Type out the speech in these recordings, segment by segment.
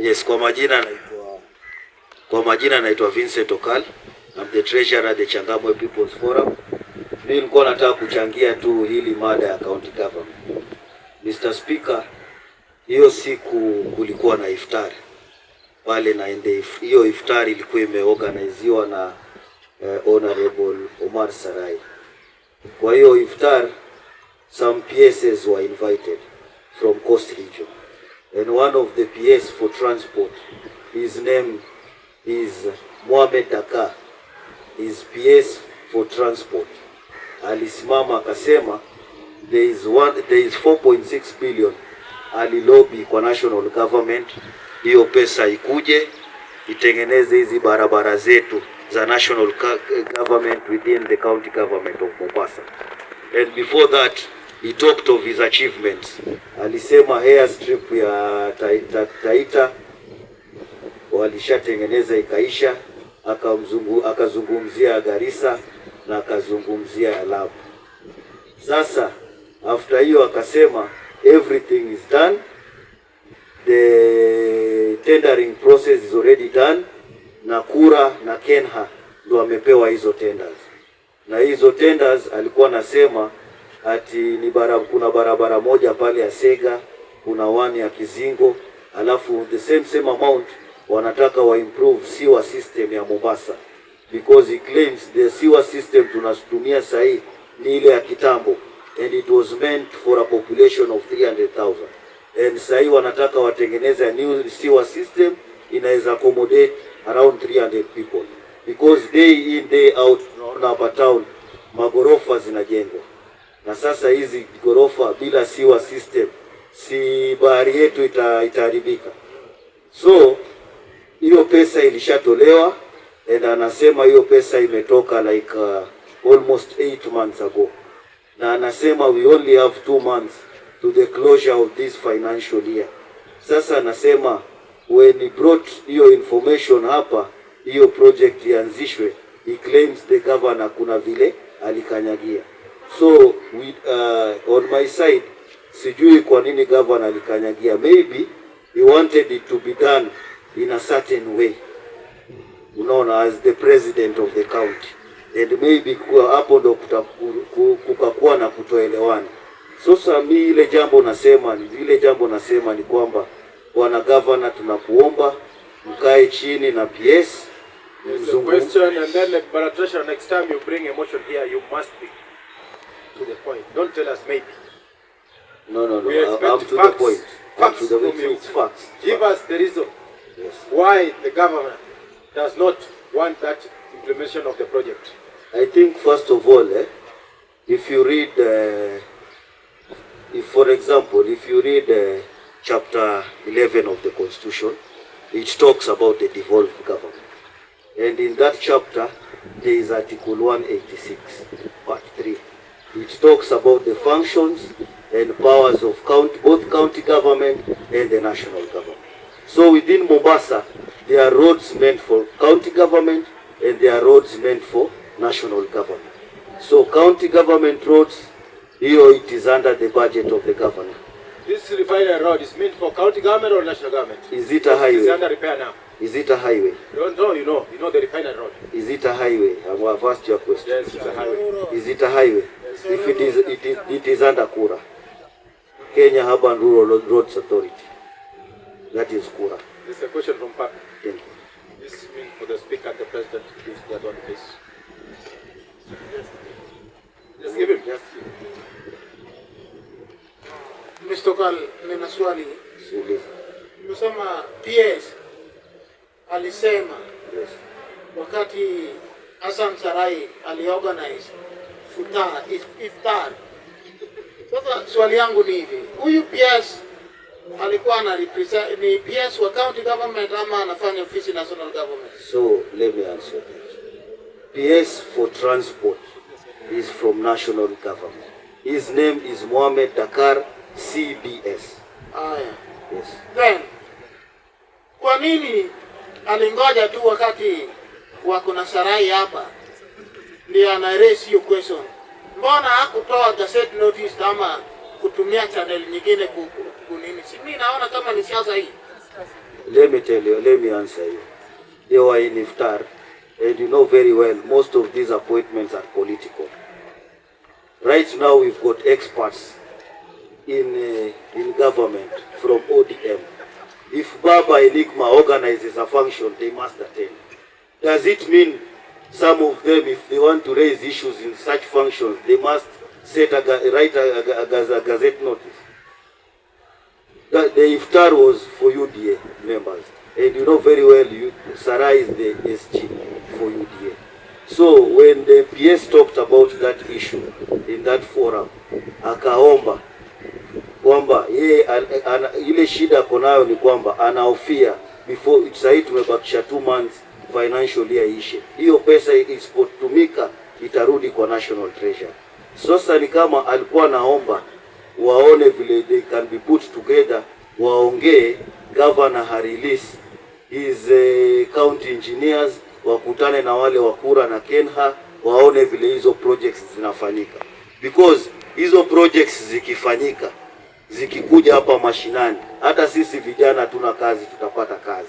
Yes, kwa majina naitwa kwa majina naitwa Vincent Okal. I'm the treasurer at the Changamwe People's Forum. Mimi nilikuwa nataka kuchangia tu hili mada ya county government. Mr. Speaker, hiyo siku kulikuwa na iftari pale na hiyo iftari ilikuwa imeorganiziwa na eh, Honorable Omar Sarai. Kwa hiyo iftar some pieces were invited from Coast Region and one of the PS for transport. His name is Mohamed Daka. His PS for transport. Alisimama akasema there is one, there is 4.6 billion. alilobi kwa national government hiyo pesa ikuje itengeneze hizi barabara zetu za national eh, government within the county government of Mombasa and before that he talked of his achievements. Alisema strip ya Taita, Taita walishatengeneza ikaisha, akamzungu akazungumzia Garissa na akazungumzia Lamu. Sasa after hiyo akasema everything is done, the tendering process is already done, na KURA na KENHA ndo amepewa hizo tenders, na hizo tenders alikuwa anasema ati ni bara, kuna barabara moja pale ya Sega, kuna wani ya Kizingo, alafu the same same amount wanataka wa improve siwa system ya Mombasa because he claims the siwa system tunatumia sahii ni ile ya kitambo and it was meant for a population of 300,000 and sahii wanataka watengeneze new siwa system inaweza accommodate around 300 people because day in day out tunaona hapa town magorofa zinajengwa na sasa hizi ghorofa bila siwa system, si bahari yetu ita, itaharibika. So hiyo pesa ilishatolewa and anasema hiyo pesa imetoka like uh, almost 8 months ago, na anasema we only have 2 months to the closure of this financial year. Sasa anasema when he brought hiyo information hapa, hiyo project ianzishwe, he claims the governor kuna vile alikanyagia. So we, uh, on my side sijui kwa nini governor alikanyagia, maybe he wanted it to be done in a certain way, unaona, as the president of the county and maybe hapo ndo kukakuwa na kutoelewana. Sasa mi ile jambo nasema ni ile jambo nasema ni kwamba bwana governor, tunakuomba mkae chini na PS There's a a question and then next time you you bring motion here must mzungu Don't tell us maybe. No, no, no. We expect I'm to facts, the point. Facts to the point. From you. Facts. Give us the reason yes. why the government does not want that implementation of the project. I think, first of all, eh, if you read, uh, if for example, if you read uh, chapter 11 of the constitution, it talks about the devolved government. And in that chapter, there is Article 186, Part 3. which talks about the functions and powers of county, both county government and the national government. So within Mombasa, there are roads meant for county government and there are roads meant for national government. So county government roads, hiyo it is under the budget of the governor. This refinery road is meant for county government or national government? Is it a highway? It's under repair now. Is it a Highway. No, no, you know, you know the refinery road. Is it a Highway. have asked your question. Yes, it's a Highway. Is it a Highway. Yes. If it is, it is, it is under Kura. Kenya Urban Rural Roads Authority. That is Kura. This is a question from Park. Thank you. This means for the speaker and the president to give that one, please. Just give him. Just give him. Mr. Kal, nina swali. Suuliza. Nimesema PS alisema yes. Wakati Hassan Sarai aliorganize futar iftar. Sasa swali yangu ni hivi, huyu PS alikuwa ana represent ni PS wa county government ama anafanya ofisi national government? So let me answer that. PS for transport is from national government. His name is Mohamed Dakar CBS. Ah, yeah. Yes. Then kwa nini alingoja tu wakati wako na sarai hapa, ndio ana raise hiyo question. Mbona hakutoa gazette notice ama kutumia channel nyingine nini? Si mimi naona kama ni siasa hii. Let me tell you, let me answer you. They were in iftar and eh, you know very well most of these appointments are political. Right now we've got experts in, uh, in government from ODM. if Baba Enigma organizes a function, they must attend. Does it mean some of them, if they want to raise issues in such functions, they must set a, write a, a, a, a gazette notice? That the iftar was for UDA members. And you know very well, you, Sarah is the SG for UDA. So when the PS talked about that issue in that forum, akaomba kwamba yeye ile shida ako nayo ni kwamba anahofia before sahii tumebakisha two months financial year ishe, hiyo pesa isipotumika itarudi kwa national treasury. Sasa ni kama alikuwa naomba waone vile they can be put together, waongee governor Harilis his uh, county engineers wakutane na wale wa kura na Kenha waone vile hizo projects zinafanyika, because hizo projects zikifanyika zikikuja hapa mashinani, hata sisi vijana tuna kazi, tutapata kazi.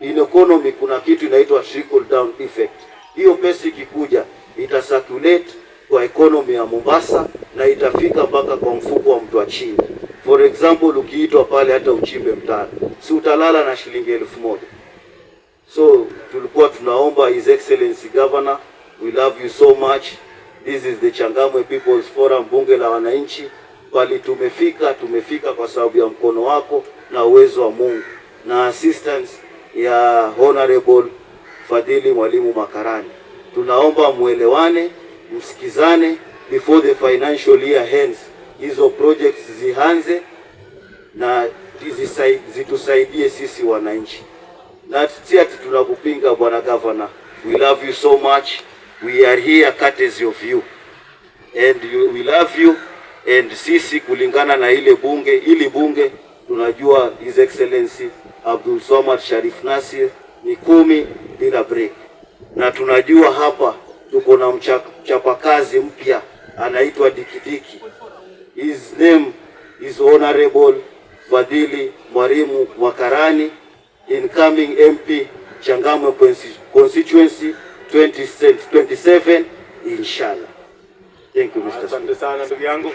In economy kuna kitu inaitwa trickle down effect. Hiyo pesa ikikuja ita circulate kwa economy ya Mombasa na itafika mpaka kwa mfuko wa mtu wa chini. For example, ukiitwa pale hata uchimbe mtaro, si utalala na shilingi elfu moja. So tulikuwa tunaomba His Excellency Governor, we love you so much. This is the Changamwe People's Forum, bunge la wananchi bali tumefika, tumefika kwa sababu ya mkono wako na uwezo wa Mungu na assistance ya Honorable Fadhili Mwalimu Makarani. Tunaomba mwelewane, msikizane before the financial year ends, hizo projects zianze na zitusaidie sisi wananchi, na si ati tunakupinga bwana governor. We love you so much, we are here courtesy of you and we love you and sisi kulingana na ile bunge ili bunge tunajua His Excellency Abdul Somad Sharif Nasir ni kumi bila break, na tunajua hapa tuko na mchapakazi mpya anaitwa Dikidiki. His name is Honorable Fadhili Mwalimu Mwakarani, incoming MP Changamwe constituency 2027 inshallah. Thank you Mr. Asante sana ndugu yangu.